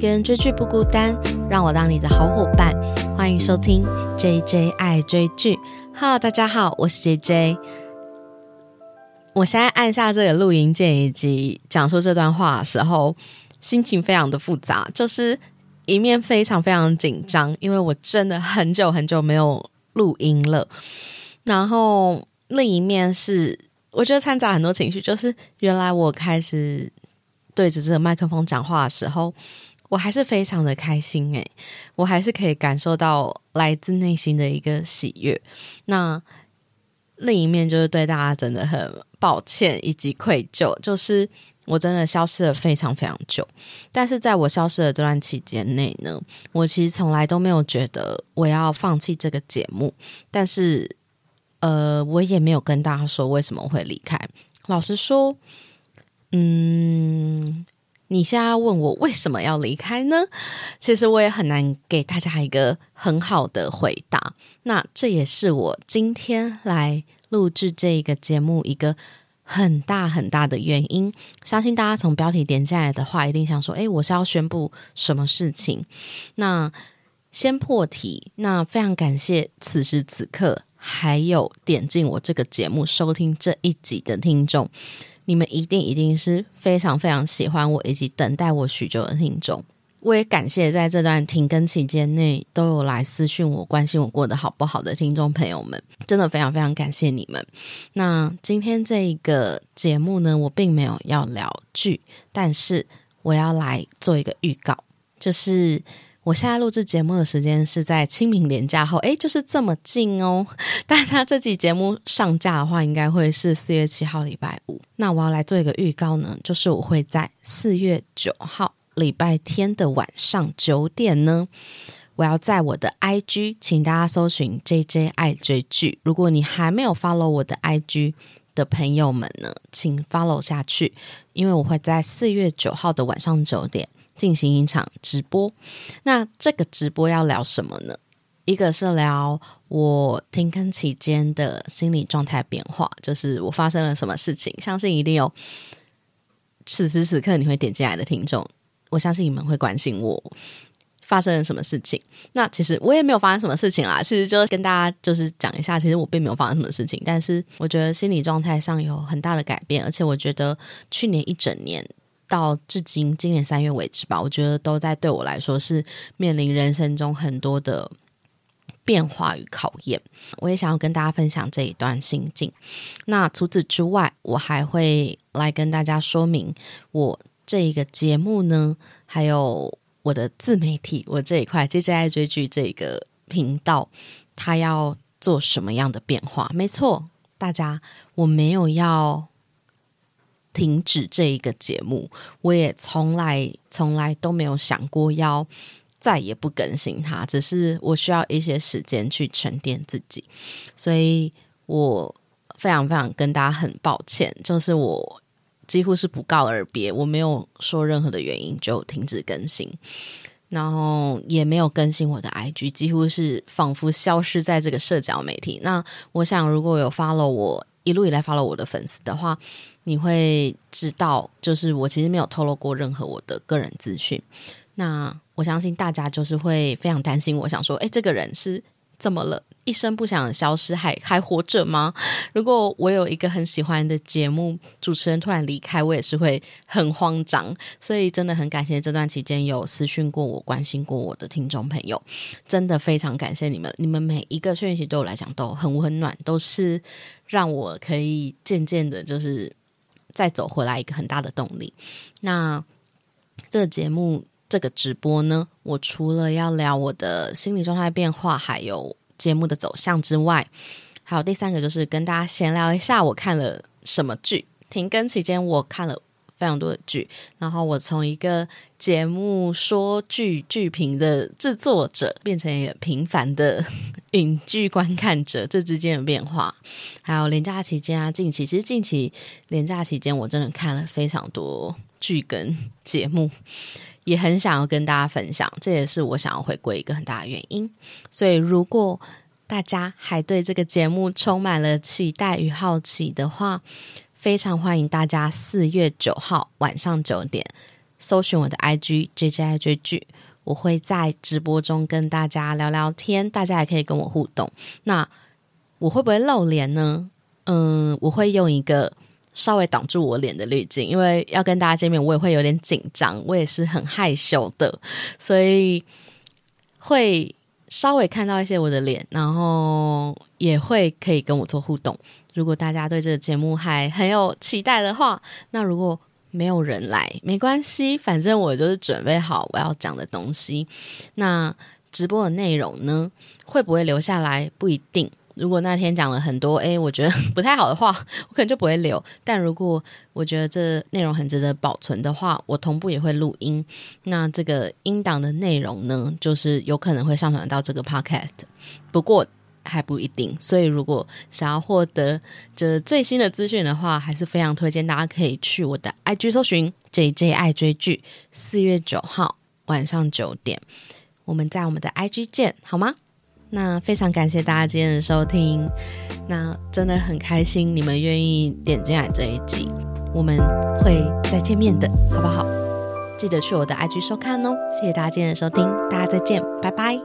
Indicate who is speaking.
Speaker 1: 跟追劇不孤單，讓我當你的好夥伴。歡迎收聽 JJ 愛追劇。Hello，大家好，我是 JJ。我現在按下這個錄音鍵以及講述這段話的時候，心情非常的複雜，就是一面非常非常緊張，因為我真的很久很久沒有錄音了。然後另一面是，我覺得摻雜很多情緒，就是原來我開始對着這個麥克風講話的時候。我還是非常的開心誒、欸，我還是可以感受到來自內心的一個喜悅。那另一面就是對大家真的很抱歉以及愧疚，就是我真的消失了非常非常久。但是在我消失的這段期間內呢，我其實從來都沒有覺得我要放棄這個節目，但是呃，我也沒有跟大家說為什麼我會離開。老實說，嗯。你現在問我為什麼要離開呢？其實我也很難給大家一個很好的回答。那這也是我今天來錄製這一個節目一個很大很大的原因。相信大家從標題點進來的話，一定想說：誒，我是要宣布什麼事情？那先破題。那非常感謝此時此刻還有點進我這個節目收聽這一集的聽眾。你們一定一定是非常非常喜歡我以及等待我許久的聽眾，我也感謝在這段停更期間內都有來私訊我、關心我過得好不好的聽眾朋友們，真的非常非常感謝你們。那今天這一個節目呢，我並沒有要聊劇，但是我要來做一個預告，就是。我現在錄製節目的時間是在清明連假後，哎，就是這麼近哦。大家這集節目上架的話，應該會是四月七號禮拜五。那我要來做一個預告呢，就是我會在四月九號禮拜天的晚上九點呢，我要在我的 IG，請大家搜尋 JJ 愛追劇。如果你還沒有 follow 我的 IG 的朋友們呢，請 follow 下去，因為我會在四月九號的晚上九點。進行一場直播，那這個直播要聊什麼呢？一個是聊我停更期間的心理狀態變化，就是我發生了什麼事情。相信一定有此時此刻你會點進來的聽眾，我相信你們會關心我發生了什麼事情。那其實我也沒有發生什麼事情啦，其實就跟大家就是講一下，其實我並沒有發生什麼事情，但是我覺得心理狀態上有很大的改變，而且我覺得去年一整年，到至今今年三月為止吧，我覺得都在對我來說是面臨人生中很多的變化與考驗。我也想要跟大家分享這一段心境。那除此之外，我還會來跟大家說明我這一個節目呢，還有我的自媒體，我這一塊 JJ 愛追劇這個頻道，它要做什麼樣的變化？沒錯，大家，我沒有要。停止這一個節目，我也從來從來都沒有想過要再也不更新它。只是我需要一些時間去沉澱自己，所以我非常非常跟大家很抱歉，就是我幾乎是不告而別，我沒有說任何的原因就停止更新，然後也沒有更新我的 IG，幾乎是仿佛消失在這個社交媒體。那我想，如果有 follow 我。一路以來 follow 我的粉絲的話，你會知道，就是我其實沒有透露過任何我的個人資訊。那我相信大家就是會非常擔心，我想說，哎，這個人是怎麼了？一聲不響的消失，還還活着嗎？如果我有一個很喜歡的節目，主持人突然離開，我也是會很慌張。所以真的很感謝這段期間有私訊過我、關心過我的聽眾朋友，真的非常感謝你們！你們每一個訊息對我來講都很溫暖，都是讓我可以漸漸的，就是再走回來一個很大的動力。那這個節目、這個直播呢，我除了要聊我的心理狀態變化，還有。節目的走向之外，還有第三個就是跟大家閒聊一下我看了什麼劇。停更期間我看了非常多的劇，然後我從一個節目說劇劇評的製作者變成一個平凡的影劇觀看者，這之間的變化。還有連假期間啊，近期其實近期連假期間我真的看了非常多劇跟。節目也很想要跟大家分享，這也是我想要回歸一個很大的原因。所以，如果大家還對這個節目充滿了期待與好奇的話，非常歡迎大家四月九號晚上九點搜尋我的 IG JJ 愛追劇，我會在直播中跟大家聊聊天，大家也可以跟我互動。那我會不會露臉呢？嗯，我會用一個。稍微擋住我臉的濾鏡，因為要跟大家見面，我也會有點緊張，我也是很害羞的，所以會稍微看到一些我的臉，然後也會可以跟我做互動。如果大家對這個節目還很有期待的話，那如果沒有人來，沒關係，反正我就是準備好我要講的東西。那直播的內容呢，會不會留下來？不一定。如果那天講了很多，哎，我覺得不太好的話，我可能就不會留。但如果我覺得這內容很值得保存的話，我同步也會錄音。那這個音檔的內容呢，就是有可能會上傳到這個 podcast，不過還不一定。所以，如果想要獲得這最新的資訊的話，還是非常推薦大家可以去我的 IG 搜尋 JJ 愛追劇。四月九號晚上九點，我們在我們的 IG 見，好嗎？那非常感謝大家今天的收聽，那真的很開心你們願意點進來這一集，我們會再見面的，好不好？記得去我的 IG 收看哦。謝謝大家今天的收聽，大家再見，拜拜。